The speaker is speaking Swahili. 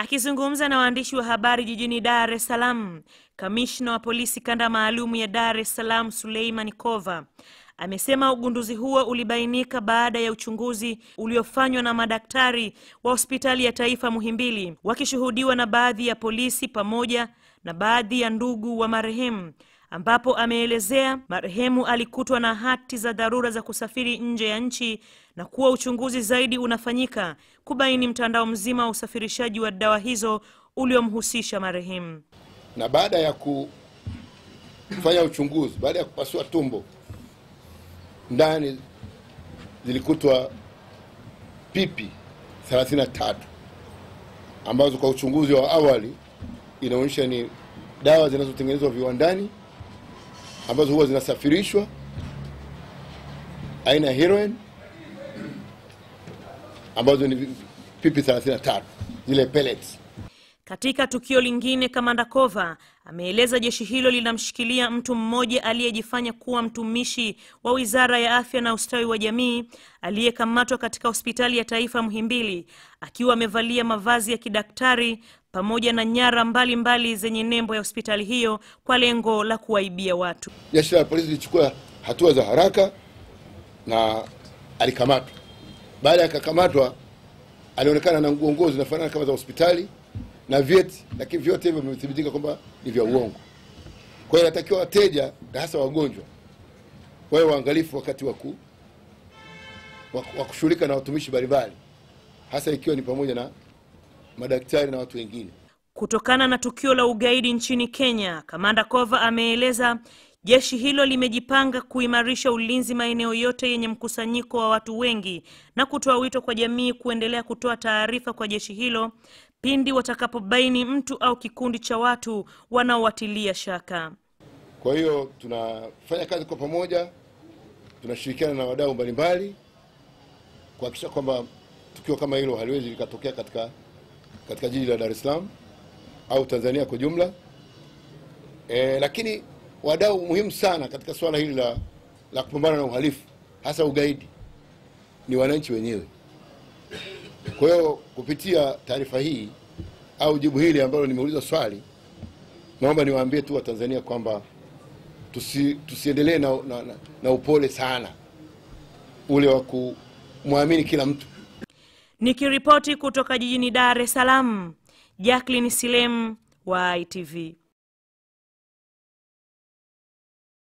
Akizungumza na waandishi wa habari jijini Dar es Salaam, kamishna wa polisi kanda maalum ya Dar es Salaam Suleiman Kova amesema ugunduzi huo ulibainika baada ya uchunguzi uliofanywa na madaktari wa hospitali ya taifa Muhimbili wakishuhudiwa na baadhi ya polisi pamoja na baadhi ya ndugu wa marehemu ambapo ameelezea marehemu alikutwa na hati za dharura za kusafiri nje ya nchi na kuwa uchunguzi zaidi unafanyika kubaini mtandao mzima wa usafirishaji wa dawa hizo uliomhusisha marehemu. Na baada ya kufanya uchunguzi, baada ya kupasua tumbo, ndani zilikutwa pipi 33 ambazo kwa uchunguzi wa awali inaonyesha ni dawa zinazotengenezwa viwandani ambazo huwa zinasafirishwa aina ya heroin ambazo ni pipi 33 zile pellets katika tukio lingine, kamanda Kova ameeleza jeshi hilo linamshikilia mtu mmoja aliyejifanya kuwa mtumishi wa Wizara ya Afya na Ustawi wa Jamii aliyekamatwa katika hospitali ya taifa Muhimbili akiwa amevalia mavazi ya kidaktari pamoja na nyara mbalimbali mbali zenye nembo ya hospitali hiyo kwa lengo la kuwaibia watu. Jeshi la polisi lilichukua hatua za haraka na alikamatwa. Baada ya kakamatwa alionekana na nguo nguo zinafanana kama za hospitali na vyeti, lakini vyote hivyo vimethibitika kwamba ni vya uongo. Kwa hiyo inatakiwa wateja na hasa wagonjwa wawe waangalifu wakati waku, wa kushughulika na watumishi mbalimbali, hasa ikiwa ni pamoja na madaktari na watu wengine. Kutokana na tukio la ugaidi nchini Kenya, Kamanda cova ameeleza jeshi hilo limejipanga kuimarisha ulinzi maeneo yote yenye mkusanyiko wa watu wengi na kutoa wito kwa jamii kuendelea kutoa taarifa kwa jeshi hilo pindi watakapobaini mtu au kikundi cha watu wanaowatilia shaka. Kwa hiyo tunafanya kazi kwa pamoja, tunashirikiana na wadau mbalimbali kuhakikisha kwamba tukio kama hilo haliwezi likatokea katika, katika jiji la Dar es Salaam au Tanzania kwa jumla. E, lakini wadau muhimu sana katika suala hili la, la kupambana na uhalifu hasa ugaidi ni wananchi wenyewe. Kwa hiyo kupitia taarifa hii au jibu hili ambalo nimeuliza swali, naomba niwaambie tu Watanzania kwamba tusi, tusiendelee na, na, na, na upole sana ule wa kumwamini kila mtu. Nikiripoti kutoka jijini Dar es Salaam, Jacqueline Silem wa ITV.